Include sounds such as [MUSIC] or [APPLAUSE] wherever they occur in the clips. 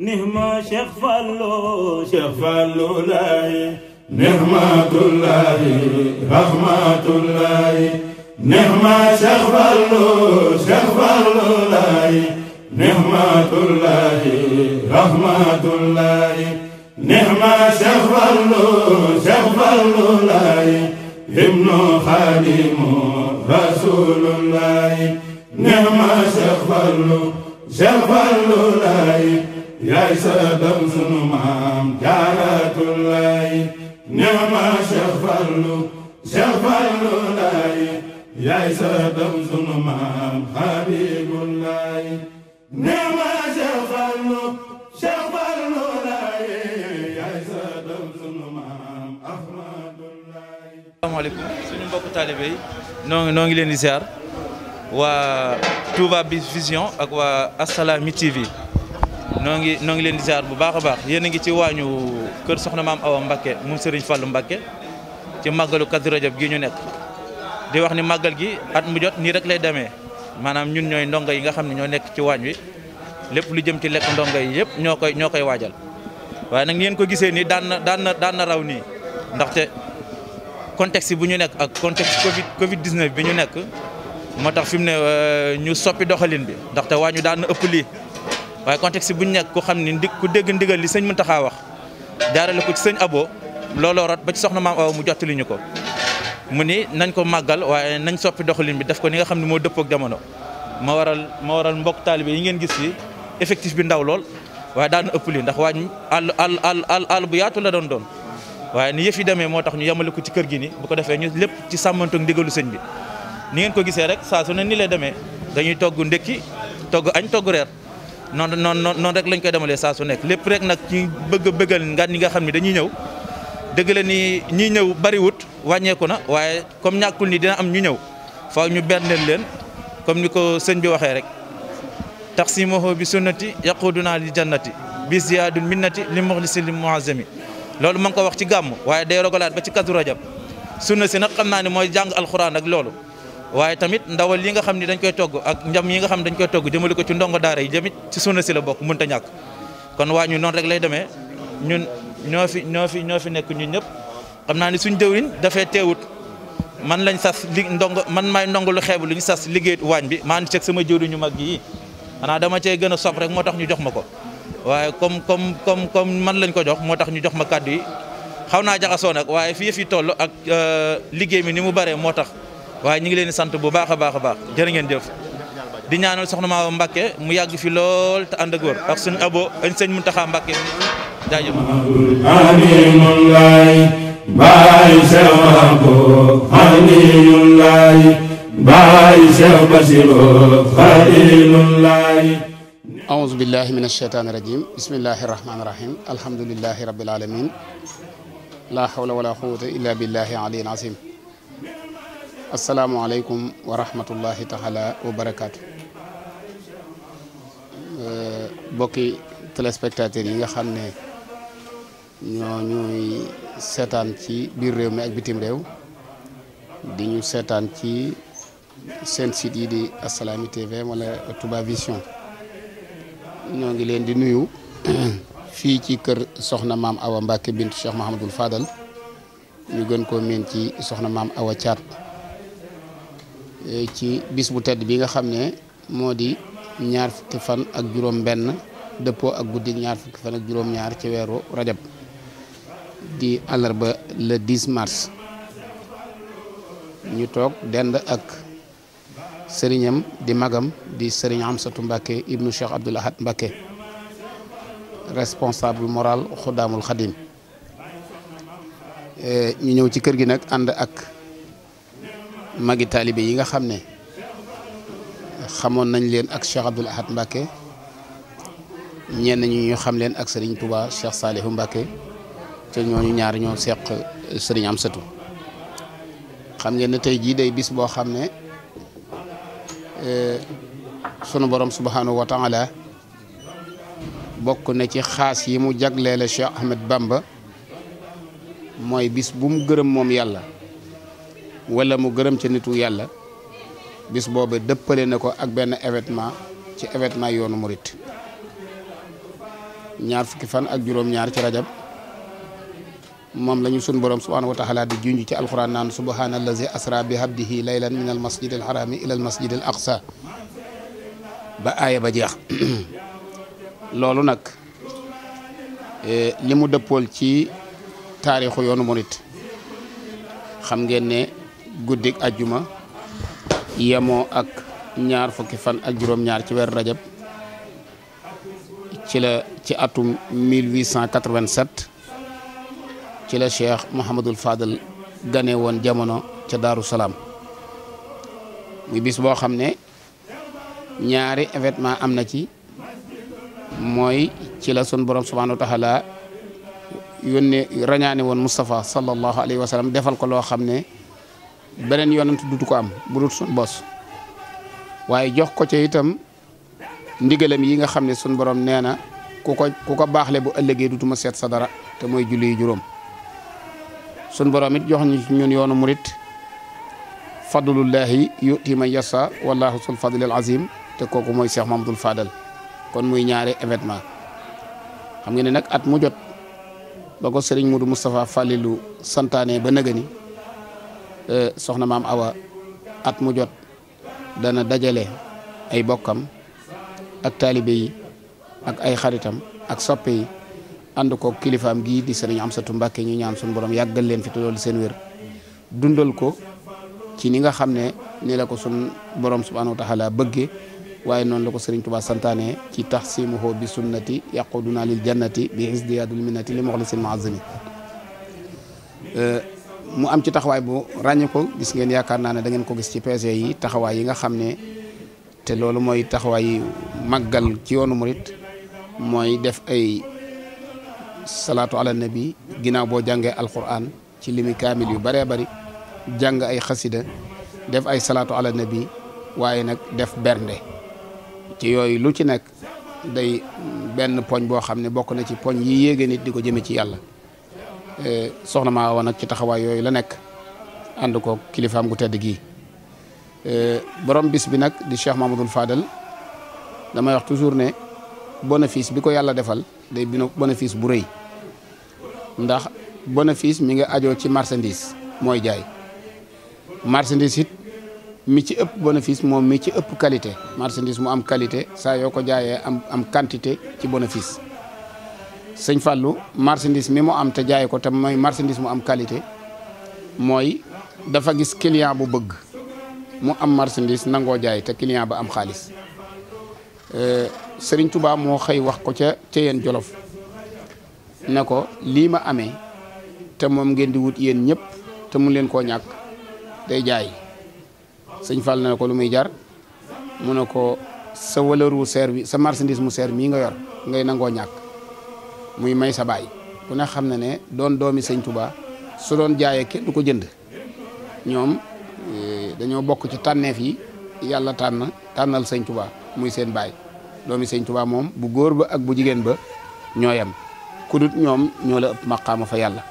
نهما شيخ فالو شيخ فالو لاي نهمة الله رحمة الله نهما شيخ فالو شيخ فالو لاي نهمة الله رحمة الله نهما شيخ فالو شيخ فالو لاي ابن خادم رسول الله نهما شيخ فالو شيخ فالو لاي yaay sa dam sunu maam jaaratullaahi nema Cheikh Fallou Cheikh Fallou laay yaay sa dam sunu maam Habibullaahi nema Cheikh Fallou Cheikh Fallou laay yaay sa dam sunu maam Ahmadullaahi asalaamaaleykum suñu mbokk taalibe noo ngi leen di ziar waa Touba Vision ak waa Assalaamy TV noo ngi noo ngi leen di bu baax a baax ngi ci waañu kër soxna maam Awa Mbakke moom Serigne Fallou Mbakke ci màggalu Kazu Rajab gi ñu nekk di wax ni màggal gi at mu jot nii rek lay demee maanaam ñun ñooy ndongo yi nga xam ne ñoo nekk ci waañ wi lépp lu jëm ci lekk ndongo yi yëpp ñoo koy ñoo koy waajal waaye nag ngeen ko gisee nii daan na na daan na raw nii ndaxte contexte bu ñu nekk ak contexte Covid Covid 19 bi ñu nekk moo tax fi mu ne euh, ñu soppi doxalin bi ndaxte waañu waaye contexte bu ñu nekk ku xam ni ndi ku dégg ndigal li sëñ Muntaxa wax jaarale ko ci sëñ Abo looloo rot ba ci soxna maam Awa mu jottali ñu ko. mu ni nañ ko màggal waaye nañ soppi doxalin bi def ko ni nga xam ne moo dëppook jamono ma waral ma waral mbokk taalibe yi ngeen gis fi effectif bi ndaw lool waaye daan ëpp li ndax waañ àll al àll àll bu yaatu la doon doon. waaye ni yëf yi demee moo tax ñu yemale ko ci kër gi ni bu ko defee ñu lépp ci sàmmantoog ndigalu sëñ bi ni ngeen ko gisee rek saa su ni lay demee dañuy togg ndékki togg añ togg reer noon noonu noonu rek lañ koy demalee saa su nekk lépp rek nag ci bëgg bëggal nga ñi nga xam ne dañuy ñëw dëgg la ni ñi ñëw bariwut wàññeeku na waaye comme ñàkkul ni dina am ñu ñëw faaw ñu berndeel leen comme ni ko sëñ bi waxee rek taxsimahu bi sunnati naa li jannati bi ziyaadul minnati li muxlisi li muazami loolu ma ngi ko wax ci gàmm waaye day rogalaat ba ci kazu rajab sunna si nag xam naa ne mooy jàng alxuraan ak loolu waaye tamit ndawal yi nga xam ni dañ koy togg ak njam yi nga xam dañ koy togg jëmale ko ci ndongo daara yi jëmit ci sunna si la bokk mënta ñàkk kon waa ñu noonu rek lay demee ñun ñoo fi ñoo fi ñoo fi nekk ñun ñëpp xam naa ni suñ jëwriñ dafee teewut man lañ sas li ndongo man maay ndongo lu xeebu lu ñu sas liggéey waañ bi maa ngi ceeg sama jëwriñu mag yi xanaa dama cee gën a sopp rek moo tax ñu jox ma ko waaye comme comme comme comme man lañ ko jox moo tax ñu jox ma kàddu yi xaw naa jaxasoo nag waaye fii fi toll ak euh, liggéey mi ni mu bare moo tax waaye ñu ngi leen di sant bu baax a baax a baax jërë ngeen jëf di ñaanal soxna Maama Mbacke mu yàgg fi lool te ànd ak wër ak suñu abo ak sëñ Mountakha Mbacke jaajëf aminun laay baay sew ko aminun laay baay sew basiro xalinun laay aouzu billahi min asheytaani rajim bismillahi rahmaani rahim alhamdulilahi rabbil alamin la hawla wala quwwata illa billahi aliyil azim asalaamualeykum wa rahmatullahi taala wa barakaatu euh, bokki téléspectateurs yi nga xam ne ñoo ñuy seetaan ci biir réew mi ak bitim réew di ñu seetaan ci seen site yi di Assalaamy TV wala Touba Vision ñoo ngi leen di nuyu [CLEARS THROAT] fii ci kër soxna maam Awa Mbacke bint Cheikh Mahamadul Fadal ñu gën ko miin ci soxna maam Awa caat Eh, ci bis bu tedd bi nga xam ne moo di ñaar fukki fan ak juróom benn dëppoo ak guddi ñaar fukki fan ak juróom ñaar ci weeru rajab di àllarba le 10 mars ñu toog dend ak sëriñam di magam di sëriñ Amsatu Mbàkke ibnu Cheikh Abdoul Mbàkke responsable moral Xudaamul Xadim eh, ñu ñëw ci kër gi nag ànd ak magi taalibe yi nga xam ne xamoon nañ leen ak Cheikh Abdoul Ahad Mbacke ñenn ñu ñu xam leen ak Serigne Touba Cheikh Salihu Mbacke te ñooñu ñaar ñoo seq Serigne Amsatou xam ngeen ne tey jii day bis boo xam ne eh, sunu borom subhanahu bokk na ci xaas yi mu jagleele Cheikh Ahmed Bamba mooy bis bu mu gërëm moom yàlla. wala mu gërëm ca nitu yàlla bis boobe dëppale na ko ak benn événement ci événement yoonu murit ñaar fukki fan ak juróom-ñaar ci rajab moom lañu ñu sun borom subhanahu wa taala di junj ci alquran naan subhana allazi asra bi habdihi laylan min al masjid al harami ila al masjid al aqsa ba aaya ba jeex [COUGHS] loolu nag e, li dëppool ci taarixu yoonu murit xam ngeen ne guddik ajjuma yemoo ak ñaar fukki fan ak juróom-ñaar ci weer rajab ci la ci atum 1887 ci la cheikh Mouhamadul Fadal gane woon jamono ca Daaru Salaam muy bis boo xam ne ñaari événement am na ci mooy ci la sun borom subhanahu wa taala ne rañaane woon Moustapha sallallahu alayhi wa defal ko loo xam ne beneen yonent dutu ko am bu dut suñ bos waaye jox ko ci itam ndigalam yi nga xam ne suñ borom nee na ku ko ku ko baaxle bu ëllëgee dutuma seet sa dara te mooy julli yi juróom suñ borom jox ñu ñun yoonu murit fadlullahi yuti man yasa wallahu sul fadlil azim te kooku mooy Cheikh Mamadou Fadal kon muy ñaare événement xam nga ne nag at mu jot ba ko sëriñ Modou Moustapha Fallilou santaane ba nëgëni Euh, soxna maam awa at mu jot dana dajale ay bokkam ak taalibe yi ak ay xaritam ak soppe yi ànd ko kilifaam gii di sëriñ Amsatu mbakke ñu ñaan suñu borom yàggal leen fi te loolu seen wér dundal ko ci ni nga xam ne ni ko sun borom subhanahu wa taala bëggee waaye noonu la ko sëriñ Tuubaa santaane ci taxsimuhu bi sunnati yaquduna lil jannati bi isdiyadul minnati li moxlisin maazimi euh, mu am ci taxawaay bu ràññee ko gis ngeen yaakaar naa ne da ko gis ci PG yi taxawaay yi nga xam ne te loolu mooy taxawaay màggal ci yoonu murit mooy def ay salaato ala nabi ginnaaw boo jàngee alquran ci limi kaamil yu bëree bëri jàng ay xasida def ay salaatu ala waaye nag def bernde ci yooyu lu ci nekk day benn poñ boo xam ne bokk na ci poñ yi yéege nit di ko jëme ci yàlla Eh, soxna maa woon nag ci taxawaay yooyu la nekk ànd ko kilifaam gu tedd gii eh, borom bis bi nag di Cheikh Mamadou Fadal damay wax toujours ne bénéfice bi ko yàlla defal day bino bénéfice bu rëy ndax bénéfice mi nga ajoo ci marchandise mooy jaay marchandise it mi ci ëpp bénéfice moom mi ci ëpp qualité marchandise mu am qualité saa yoo ko jaayee am am quantité ci bénéfice sëñ Fallou marchandise mi mu am te jaay ko te mooy marchandise mu am qualité mooy dafa gis client bu bëgg mu am marchandise nangoo jaay te client ba am xaalis euh, sëriñ tubaab moo xëy wax ko ca Ceyeen Jolof ne ko lii ma amee te moom ngeen di wut yéen ñëpp te mu leen koo ñàkk day jaay sëñ Fall na ko lu muy jar mu ne ko sa wëlëru seer bi sa marchandise mu seer mii nga yor ngay nangoo ñàkk muy may sa baay ku ne xam ne ne doon doomi sëñ Touba su doon jaayee kenn du ko jënd ñoom eh, dañoo bokk ci tànneef yi yàlla tànn tànnal sëñ Touba muy seen baay doomi sëñ Touba moom bu góor ba ak bu jigéen ba ñoo yem ku ñoom ñoo la ëpp maqaama fa yàlla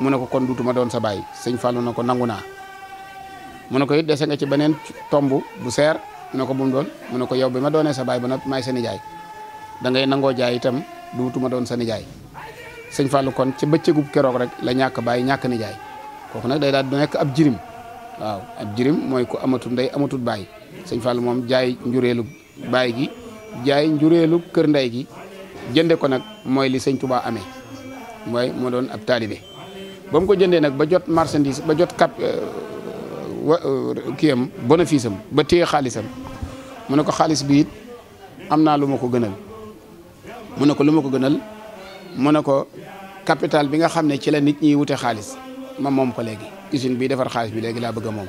mu ne ko kon dutuma doon sa baay sëñ Fallou na ko nangu naa mun ne ko it dese nga ci beneen tomb bu seer mu ne ko bu mu doon mun ne ko yow bi ma doonee sa baay ba noppi maay sa jaay da ngay nangoo jaay itam duutuma doon sa nijaay sëñ Fallou kon ci bëccëgub keroog rek la ñàkk bàyyi ñàkk nijaay kooku nag day daal du nekk ab jirim waaw ab jirim mooy ku amatul ndey amatul baay sëñ Fallou moom jaay njureelu bàyyi gi jaay njureelu kër ndey gi jënde ko nag mooy li sëñ Touba ame mooy moo doon ab taalibe ba ko jëndee nag ba jot marchandise ba jot cap euh, wa euh, kiyam bénéfice am ba téye xaalisam mu ne ko xaalis bi it am naa lu ma ko gënal mu ne ko lu ma ko gënal mu ne ko capital bi nga xam ne ci la nit ñiy wute xaalis ma moom ko léegi usine bii defar xaalis bi léegi laa bëgg moom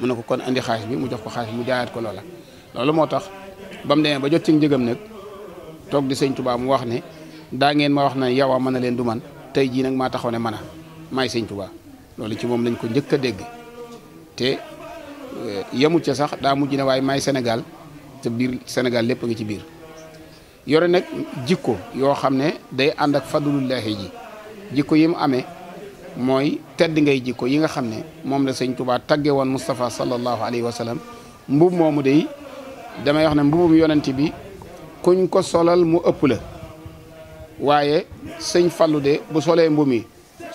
mu ne ko kon indi xaalis bi mu jox ko xaalis bi mu jaayaat ko loola loolu moo tax ba mu demee ba jot ci njëgam nag toog di sëñ tubaa mu wax ne daa ngeen ma wax na yow a mën a leen du man tey jii nag maa taxaw ne man a maay sëñ Tuubaa loolu ci moom lañ ko njëkk a dégg te eh, yemut ca sax daa mujj ne waaye may Sénégal te biir Sénégal lépp a ngi ci biir yore nag jikko yoo xam ne day ànd ak fadlullahi ji jikko yi mu amee mooy tedd ngay jikko yi nga xam ne moom la sëñ Tuubaa tagge woon Moustapha sallallahu alayhi wa sallam mbub moomu day damay wax ne mbubum yonent bi kuñ ko solal mu ëpp la waaye sëñ Fallu de bu solee mbub mi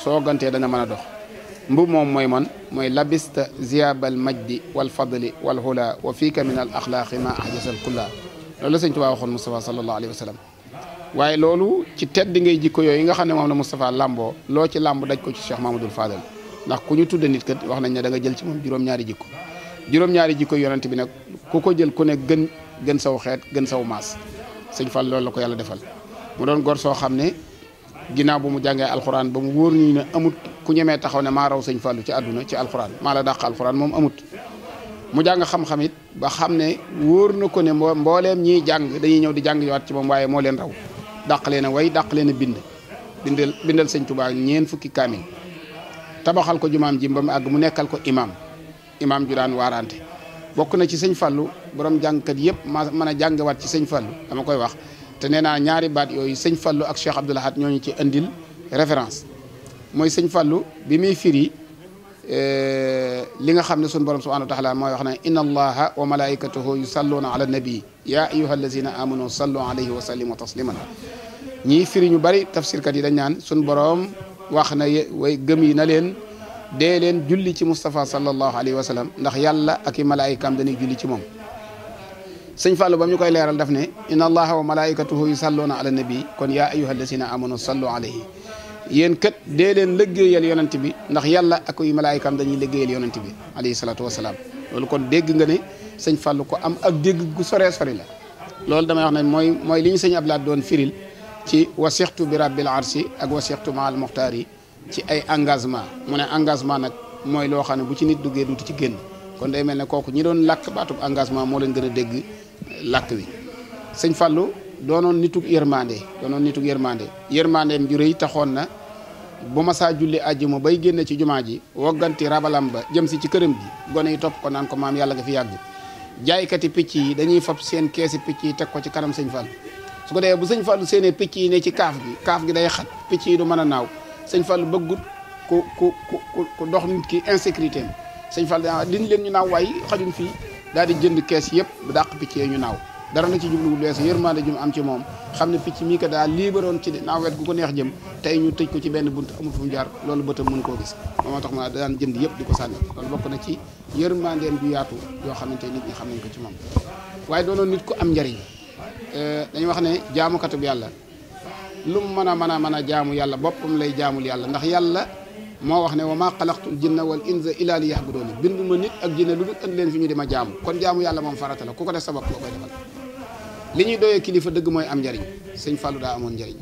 soo gantee dana mën a dox mbubb moom mooy man mooy labista ziyabal majdi wal fadli wal hula wa fiika min al axlaaqi ma ahjasal kulla loolu la sëñ Tuubaa waxoon Moustapha sallallahu alayhi wa sallam waaye loolu ci tedd ngay jikko yooyu nga xam ne moom la Moustapha làmboo loo ci làmb daj ko ci Cheikh Mahmadul Fadal ndax ku ñu tudde nit kat wax nañ ne da nga jël ci moom juróom-ñaari jikko juróom-ñaari jikko yonent bi nag ku ko jël ku ne gën gën saw xeet gën saw maas sëñ Fall loolu la ko yàlla defal mu doon gor soo xam ne ginnaaw bu mu jàngee alxuraan ba mu wóor ñu ne amut ku ñemee taxaw ne maa raw sëñ Fallu ci àdduna ci alxuraan maa la dàq alxuraan moom amut mu jàng xam-xam ba xam ne wóor na ko ne mbooleem ñiy jàng dañuy ñëw di jàng yowaat ci moom waaye moo leen raw dàq leen a way dàq leen a bind bindal bindal sëñ Tuubaa ñeen fukki kaamil tabaxal ko jumaam jim ba mu àgg mu nekkal ko imaam imaam ju daan waarante bokk na ci sëñ Fallu borom jàngkat yëpp ma mën a jàngewaat ci sëñ Fallu dama koy wax te nee naa ñaari baat yooyu sëñ Fallu ak Cheikh Abdoul Ahad ñooñu ci indil référence mooy sëñ Fallu bi muy firi Eh, li nga xam ne sunu borom subhanahu wa taala mooy wax ne inna allaha wa malaikatahu yusalluna ala nabi ya ayuha allazina amanu sallu alayhi wa sallimu tasliman ñii firi ñu bari tafsirkat yi dañ naan sunu borom wax na way gëm yi na leen dee leen julli ci Moustapha sallallahu wa ndax yàlla ak i malaayikaam dañuy ci moom sëñ ñu koy leeral daf ne inna allaha wa malaikatahu yusalluna ala nabi kon ya ayuha allazina amanu sallu alayhi yéen kat dee leen liggéeyal yonent bi ndax yàlla ak yu malaayikaam dañuy liggéeyal yonent bi alayhi salaatu wasalaam loolu kon dégg nga ne sëñ Fallou ko am ak dégg gu soree sori la loolu damay wax ne mooy mooy li ñu sëñ Ablaat doon firil ci wasixtu bi rabbil arsi ak wasixtu ma muxtaar yi ci ay engagement mu ne engagement nag mooy loo xam ne bu ci nit duggee duuti ci génn kon day mel ne kooku ñi doon làkk baatub engagement moo leen gën a dégg làkk wi sëñ Fallou doonoon nitug yërmande doonoon nitug yërmande yërmandeem ju rëy taxoon na bu ma saa julli àjjuma bay génne ci jumaa ji wogganti rabalamba ba jëm si ci këram gi gone yi topp ko naan ko maam yàlla nga fi yàgg jaaykati picc yi dañuy fab seen keesi picc yi teg ko ci kanam sëñ Fallou su ko defee bu sëñ Fallou seenee picc yi ne ci kaaf gi kaaf gi day xat picc yi du mën a naaw sëñ Fallou bëggut ku ku ku ku dox nit ki insécurité am sëñ Fallou daa ah, leen ñu naaw waaye xajuñ fii daal di jënd kees yëpp du dàq picc yi ñu naaw dara na ci jubluwul weesu yërmande ju mu am ci moom xam ne picc mii ko daal liibaroon ci naa wet gu ko neex jëm tey ñu tëj ko ci benn bunt amul fu mu jaar loolu bëtam mën koo gis moo tax ma daan jënd yëpp di ko sànni kon bokk na ci yërmandeen bu yaatu yoo xamante nit xam nañ ko ci moom waaye doonoon nit ko am njariñ eh, dañu wax ne jaamukatub yàlla lu mu mën a mën a mën a jaamu yàlla boppam lay jaamul yàlla ndax yàlla moo wax ne wa maa xalaqtul jinna wal insa illa li yahbudooni bindu ma nit ak jinne lu dul ënd leen fi ñu dima jaamu kon jaamu yàlla moom farata la ku ko def sabab loo koy defal li ñuy doyee kilifa dëgg mooy am njariñ sëñ Fallou daa amoon njariñ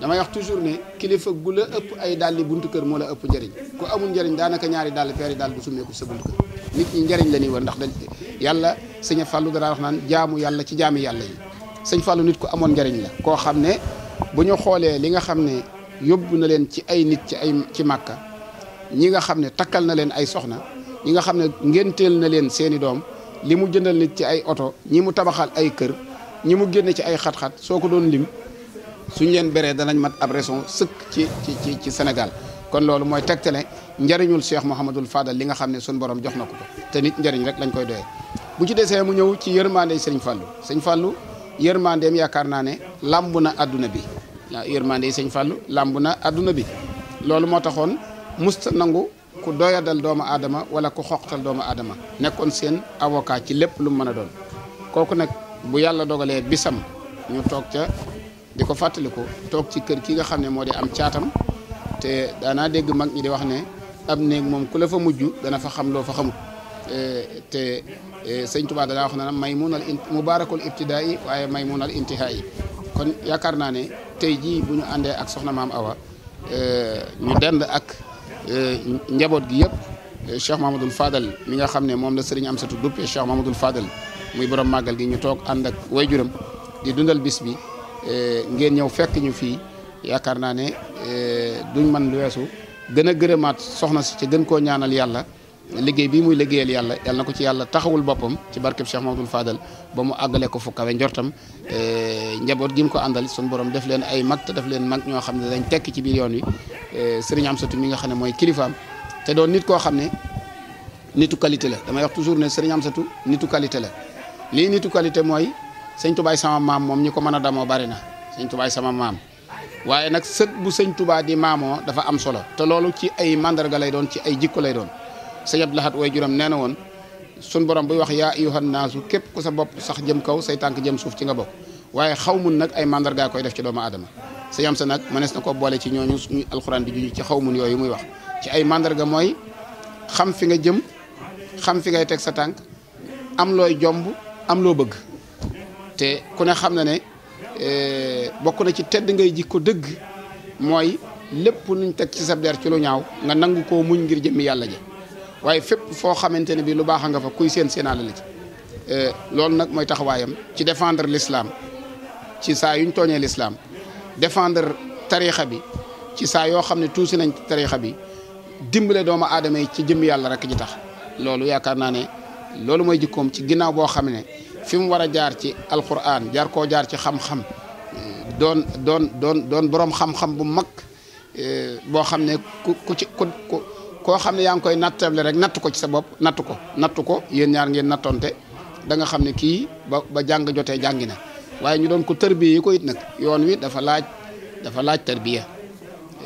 damay wax toujours ne kilifa gu la ëpp ay dàlli buntu kër moo la ëpp njariñ ku amul njariñ daanaka ñaari dàll peeri dàll bu summeeku sa buntu kër nit ñi njariñ la ñuy war ndax dañ yàlla sëñ Fallou danaa wax naan jaamu yàlla ci jaami yàlla yi sëñ Fallou nit ku amoon njariñ la koo xam ne bu ñu xoolee li nga xam ne yóbbu na leen ci ay nit ci ay ci màkka ñi nga xam ne takkal na leen ay soxna ñi nga xam ne ngénteel na leen seeni doom li mu jëndal nit ci ay oto ñi mu tabaxal ay kër ñi mu génne ci ay xat-xat soo ko doon lim suñ leen beree danañ mat ab raison sëkk ci ci ci Sénégal kon loolu mooy tegtale njariñul Cheikh Mouhamadul Fadal li nga xam ne suñ borom jox na ko ko te nit njariñ rek lañ koy doyee bu ci desee mu ñëw ci yërmande sëñ Fallou sëñ Fallou yërmandeem yaakaar naa ne làmb na adduna bi yërmande yi sëñ Fallou làmb na adduna bi loolu moo taxoon musta nangu ku doyadal doomu aadama wala ku xoqtal doomu aadama nekkoon seen avocat ci lépp lu mu mën a doon kooku nag bu yàlla dogalee bisam ñu toog ca di ko fàttaliku toog ci kër ki nga xam ne moo di am caatam te daanaa dégg mag ñi di wax ne am néeg moom ku la fa mujj dana fa xam loo fa xamut e, te e, sëñ Tuubaa danaa wax na may munal mubaarakul ibtidaa yi waaye may munal intihaa yi kon yaakaar naa ne tey jii bu ñu àndee ak soxna maam Awa e, ñu dend ak njaboot gi yëpp Cheikh Mahamadoul Fadal mi nga xam ne moom la sëriñ Amsatou duppee Cheikh dul Fadal muy borom màggal gi ñu toog ànd ak waajuram di dundal bis bi e, ngeen ñëw fekk ñu fii yaakaar naa ne e, duñ man lu weesu gën a gërëmaat soxna si ci gën koo ñaanal yàlla liggéey bi muy liggéeyal yàlla yal na ko ci yàlla taxawul boppam ci barkeb Cheikh Mamadou Fadal ba mu àggale ko fu kawe njortam e, njaboot gi ko àndal sun borom def leen ay mag te def leen mag ñoo xam ne dañ tekk ci biir yoon wi sëriñ Amsatu mi nga xam ne mooy kilifaam te doon nit koo xam ne nitu qualité la damay wax ne sëriñ Amsatu nitu qualité la lii nitu qualité mooy sëñ tubaay sama maam moom ñi ko mën a damoo bari na sëñ tubaay sama maam waaye nag sët bu sëñ tubaa di maamoo dafa am solo te loolu ci ay mandarga lay doon ci ay jikko lay doon sëñ laxat Lahad way juram nee na woon sun borom buy wax yaa ayyuhan naasu képp ku sa bopp sax jëm kaw say tànk jëm suuf ci nga bokk waaye xaw mun nag ay mandargaa koy def ci doomu aadama sa yam sa nag mënees na ko boole ci ñooñu suñu alxuraan di juñu ci xaw mun yooyu muy wax ci ay mandarga mooy xam fi nga jëm xam fi ngay teg sa tànk am looy jomb am loo bëgg te ku ne xam na ne e, bokk na ci tedd ngay jikko dëgg mooy lépp nuñ teg ci sab ci lu ñaaw nga nangu koo muñ ngir jëmmi yàlla ji waaye fépp foo xamante ne bi lu baax nga fa kuy seen seenaale la ci e, loolu nag mooy taxawaayam ci défendre l'islam ci saa yuñ tooñee lislaam défendre tariixa bi ci saa yoo xam ne tuusi nañ tariixa bi dimbale doomu aadama yi ci jëmm yàlla rek ji tax loolu yaakaar naa ne loolu mooy jikkoom ci ginnaaw boo xam ne fi mu war a jaar ci alquran jaar koo jaar ci xam-xam doon doon doon doon boroom xam-xam bu mag eh, boo xam ne ku ku ci ku koo xam ne yaa ngi koy nattable rek nattu ko ci sa bopp natt ko nattu ko yéen ñaar ngeen nattoonte da nga xam ne kii ba ba jàng jote jàngi na waaye ñu doon ko tërbiya yi koy it nag yoon wi dafa laaj dafa laaj tërbiya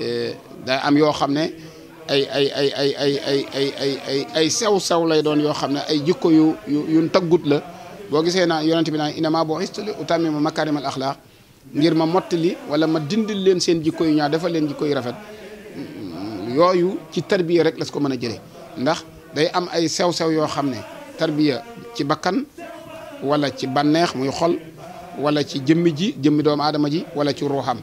eh, daa am yoo xam ne ay ay ay ay ay ay ay ay ay sew sew lay doon yoo xam ne ay jikko yu yu yu taggut la boo gisee naa yonent bi naan innama boo xistali utammima makaarimal axlaaq ngir ma mottali wala ma dindil leen seen jikko yu ñaaw defal leen jikko yu rafet yooyu ci tarbiya rek las ko mën a jëlee ndax day am ay sew-sew yoo xam ne tarbiya ci bakkan wala ci bànneex muy xol wala ci jëmmi ji jëmmi doomu aadama ji wala ci ruuxam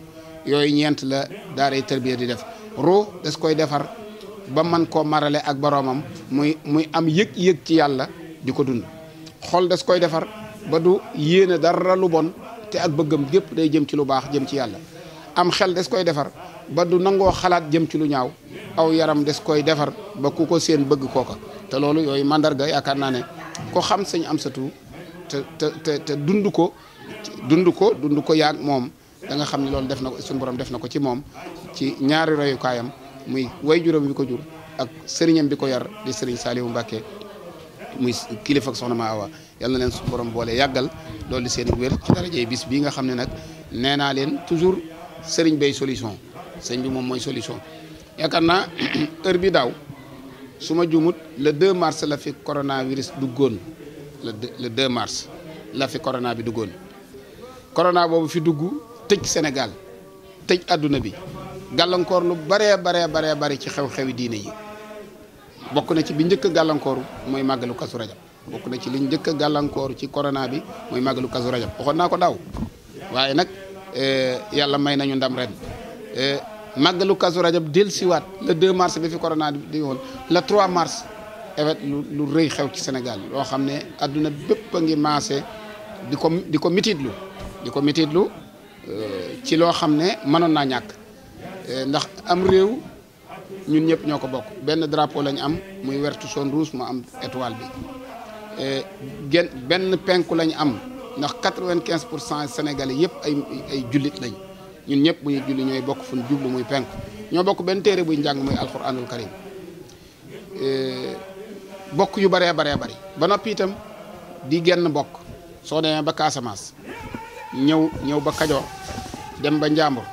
yooyu ñeent la daaray tarbiya di def ruux das koy defar ba man koo marale ak boroomam muy muy am yëg-yëg ci yàlla di ko dund xol das koy defar ba du yéene dara lu bon te ak bëggam gépp day jëm ci lu baax jëm ci yàlla am xel des koy defar ba du nangoo xalaat jëm ci lu ñaaw aw yaram des koy defar ba ku ko seen bëgg kooka te loolu yooyu màndarga yaakaar naa ne ko xam sëñ Amsatu te te te dund ko dund ko dund ko yaag moom da nga xam ne loolu def na ko suñu borom def na ko ci moom ci ñaari royukaayam muy way juróom bi ko jur ak sëriñam bi ko yar di sëriñ Saliou Mbacke muy kilifa ak soxna ma awa yal na leen su borom boole yàggal loolu di seen wér ci darajey bis bi nga xam ne nag nee naa leen toujours sëriñ bay solution sëñ bi moom mooy solution yaakaar naa [CLEARS THROAT] heure bi daaw su ma jumut le 2 mars la fi coronavirus duggoon le 2 mars la fi corona bi duggoon corona boobu fi dugg tëj Sénégal tëj àdduna bi gàllankoor lu baree baree baree bari ci xew-xewi diine yi bokk na ci bi njëkk a gàllankooru mooy màggalu kasu rajab bokk na ci li njëkk a gàllankooru ci corona bi mooy màggalu kasu rajab waxoon naa ko daaw waaye nag eh, yàlla may nañu ndam ren eh, màggalu kasu rajab dellusiwaat le 2 mars bi fi corona di woon le 3 mars evet lu rëy xew ci Sénégal loo xam ne adduna bépp ngi maase di ko di ko mititlu di ko mititlu eh, ci loo xam ne mënoon naa ñàkk ndax am réew ñun ñëpp ñoo ko bokk benn drapeau lañ am muy wertu jaune rouge mu am étoile bi e, gen benn penku lañu am ndax quatre-vingt-quinze pour cent sénégalais yëpp ay ay jullit lañu ñun ñëpp bu ñuy julli ñooy bokk fu ñu jublu muy penku ñoo bokk benn téere buy njàng muy alquranul karim e, bokk yu baree baree bari ba noppi itam di genn bokk soo demee ba Casamance ñëw ñëw ba Kajoor dem ba Njàmbur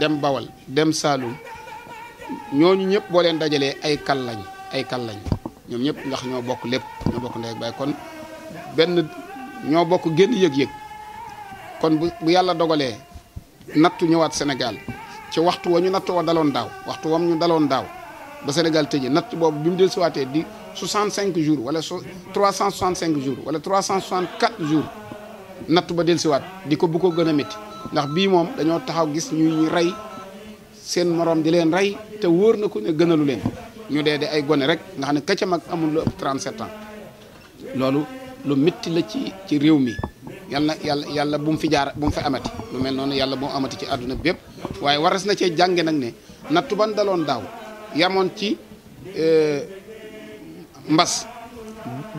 dem Bawal dem Saalum ñooñu ñëpp boo leen dajalee ay kal lañ ay kal lañ ñoom ñëpp ndax ñoo bokk lépp ñoo bokk ndey ak baay kon benn ñoo bokk génn yëg-yëg kon bu bu yàlla dogalee nattu ñëwaat Sénégal ci waxtu wa ñu nattu wa daloon daaw waxtu wam ñu daloon daaw ba Sénégal tëjee natt boobu bi mu del siwaatee di 65 jours wala 365 jours wala 364 jours natt ba del siwaat di ko bu ko gën a métti ndax bii moom dañoo taxaw gis ñuy rey seen moroom di leen rey te wóor na ko ne gënalu leen ñu dee de ay gone rek nga xam ne ka ca mag amul lu ëpp 37 ans loolu lu métti la ci ci réew mi yal na yàlla yàlla bu mu fi jaar bu mu fi amati lu mel noonu yàlla bu mu ci àdduna bépp waaye waras na cee jànge nag ne nattu ban daloon daaw yamoon ci e, mbas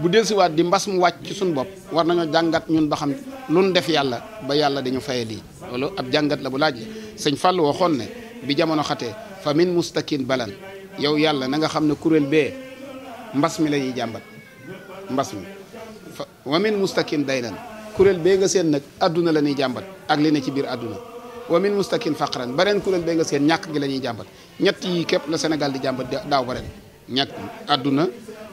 bu delsiwaat di mbas mu wàcc ci suñu bopp war nañoo jàngat ñun ba xam luñ def yàlla ba yàlla dañu faye lii loolu ab jàngat la bu laaj sëñ fàll waxoon ne bi jamono xatee fa min mustakin balan yow yàlla nanga xam ne kuréel bee mbas mi lañuy jàmbat mbas mi fa wa min mustakin daynan kuréel bee nga seen nag àdduna la ñuy jàmbat ak li ne ci biir àdduna wa min mustakin faqran beneen kuréel bee nga seen ñàkk gi la ñuy jàmbat ñett yi képp la Sénégal di jàmbat daaw ba ren ñàkk àdduna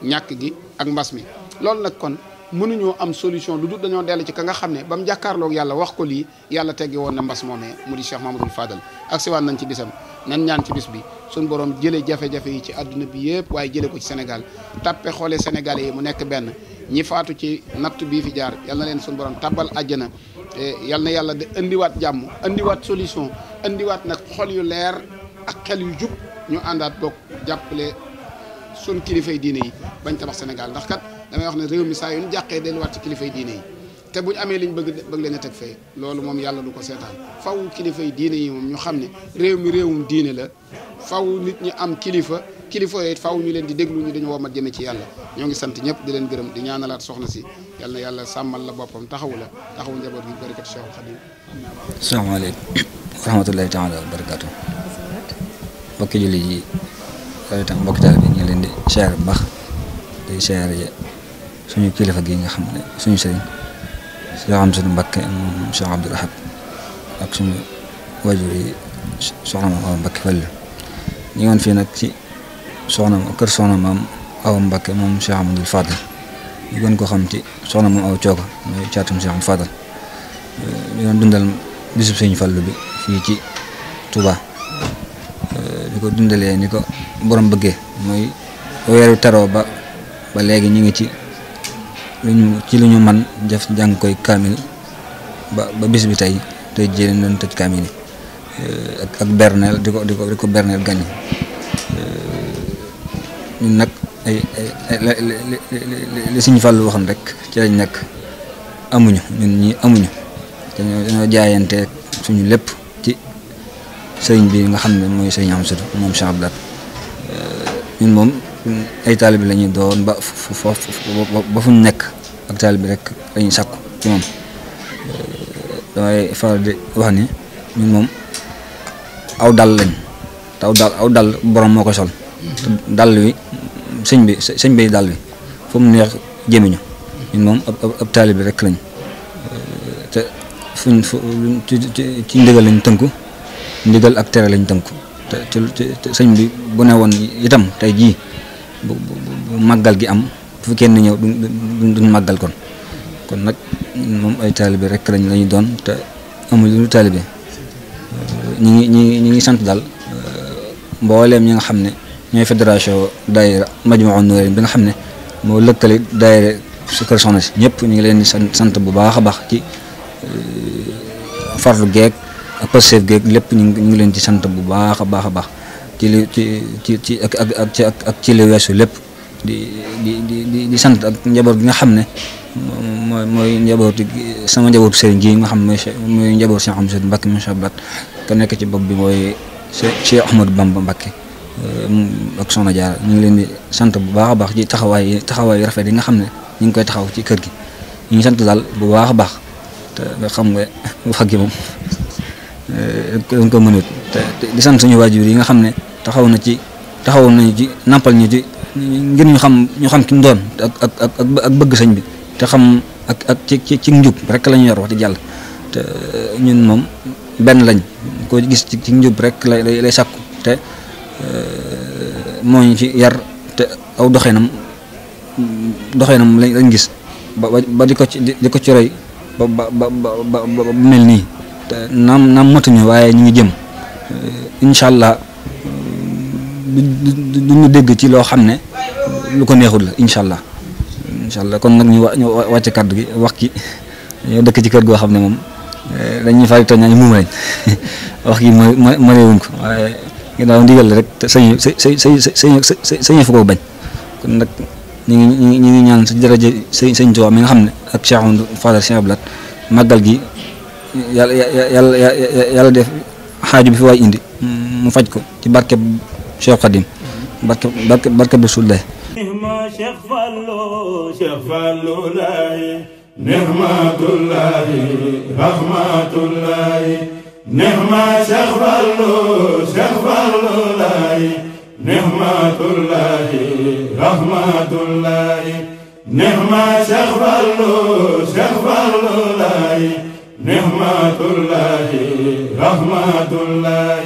ñàkk gi ak mbas mi loolu nag kon mënuñoo am solution lu dul dañoo dellu ci ka nga xam ne ba mu jàkkaarloog yàlla wax ko lii yàlla teggi woon na mbas moomee mu di Cheikh Mamadou Fadal ak siwaan nañ ci bisam nan ñaan ci bis bi suñ borom jëlee jafe-jafe yi ci àdduna bi yëpp waaye jëlee ko ci senegal tappe xoolee Sénégalais yi mu nekk benn ñi faatu ci natt bii fi jaar yal na leen suñu borom tabbal àjjana yal na yàlla de indiwaat jàmm indiwaat solution indiwaat nag xol yu leer ak xel yu jub ñu àndaat bokk jàppale suñ kilifay diine yi bañ tabax Sénégal ndax kat damay wax ne réew mi saa yu ñu jàqee delluwaat ci kilifay diine yi te bu buñ amee liñ bëgg bëgg leen a teg fay loolu moom yàlla du ko seetaan faw kilifa yi diine yi moom ñu xam ne réew mi réewum diine la faw nit ñi am kilifa kilifa it faw ñu leen di déglu ñu dañu woo mat jëme ci yàlla ñoo ngi sant ñëpp di leen gërëm di ñaanalaat soxna si yàlla yàlla sàmmal la boppam taxawu la taxawu njaboot gi barakat Cheikh Khadim asalaamaaleykum wa rahmatullahi taala wa barakatu mbokki julli yi waaye tam mbokki taal bi ñu leen di siyaare kilifa gi suñu sëriñ Cheikh Amsatu Mbakke moom Cheikh Abdoul Ahad ak suñu wajur yi soxna maam Awa Mbakke Fàll ñu ngi woon fii nag ci soxna kër soxna maam Awa Mbakke moom Cheikh Amadou Fadal ñu gën ko xam ci soxna maam Awa Cooka mooy caatum Cheikh Amadou Fadal ñu doon dundal bisub Sëñ Fallu bi fii ci Touba di ko dundalee ni ko borom bëggee mooy weeru taroo ba ba léegi ci lu ñu ci lu ñu man def jàng koy kaamil ba ba bis bi tey te jëlee doon tëj kaamil yi ak ak berneel di ko di ko di ko berneel gàññi ñun nag ay ay li suñu fàllu waxoon rek ci lañ nekk amuñu ñun ñi amuñu dañoo dañoo jaayante suñu lépp ci sëriñ bi nga xam ne mooy sëriñ am sutu moom Cheikh ñun moom ay taalibe la doon ba fu ba fu nekk taal bi rek lañuy sàkku ci moom damay faral di wax ni ñun moom aw dal lañ te aw dal aw dal borom moo koy sol dàll dal wi sëñ bi sëñ bi dal wi fu mu neex jëmiñu ñun moom ab taali bi rek lañ te fuñ tënku ndigal ak tere lañ tënku te sëñ bi bu ne woon itam tey jii bu màggal gi am fu kenn ñëw du duñ màggal kon kon nag moom ay taalibe rek lañ lañu doon te amul lu taalibe ñu ngi ñu ngi ñu ngi sant daal mbooleem ñi nga xam ne ñooy fédération daayira Majmahun Nurayni bi nga xam ne moo lëkkale daayira su kër soxna si ñëpp ñu ngi leen di sant sant bu baax a baax ci farlu geeg ak passeef lépp ñu ngi ñu ngi leen di sant bu baax a baax a baax ci li ci ci ci ak ak ci lu weesu lépp di sant ak njaboot gi nga mooy mooy njaboot sama njaboot sëriñ gi nga xam ne mooy njaboot Cheikh Ahmadou Mbacké mu Cheikh nekk ci bopp bi mooy Cheikh Ahmadou Bamba Mbacké euh, ak Soxna Jaara ñu ngi leen di sant bu baax a baax ci taxawaay taxawaay yu rafet yi nga xam ne ñu ngi koy taxaw ci kër gi ñu sant daal bu baax a baax te nga xam ne taxaw na ci taxaw nañu ci nampal ñu ci ngir ñu xam ñu xam ki mu doon ak ak ak bëgg sañ bi te xam ak ak ci ci njub rek lañu ñu wax di jàll te euh, ñun moom benn lañ ko gis ci ci njub rek lay lay lay te euh, moo ñu ci yar te aw doxeenam doxeenam lañ lañ gis ba ba di ko ci di ko ci roy ba ba ba ba mel nii te naam naam matuñu waaye ñu ngi jëm euh, incha duñu dégg ci loo xam ne lu ko neexul la incha allah incha allah kon nag ñu ñu wàcce kàddu gi wax ki ñoo dëkk ci kër goo xam ne moom eh, dañuy fay tooñ ñaañu muum lañ [LAUGHS] wax ki ma ma réewuñ ko waaye ginnaaw ndigal la rek te sañu sa sa sa sañu fa ko bañ kon nag ñu ngi ñu ngi ñaan si daraja sëñ sëñ Tuubaa mi nga xam ne ak Cheikh Amadou Fadal Cheikh Abdoulaye màggal gi yàlla yàlla yàlla def xaaju bi fi waay indi mu faj ko ci barke Cheikh Khadim barke barke barke Rasulullah Cheikh Fallou Cheikh Fallou laay nihmatullahi rahmatullahi nihma Cheikh Fallou Cheikh Fallou laay nihmatullahi rahmatullahi nihma Cheikh Fallou Cheikh Fallou laay nihmatullahi rahmatullahi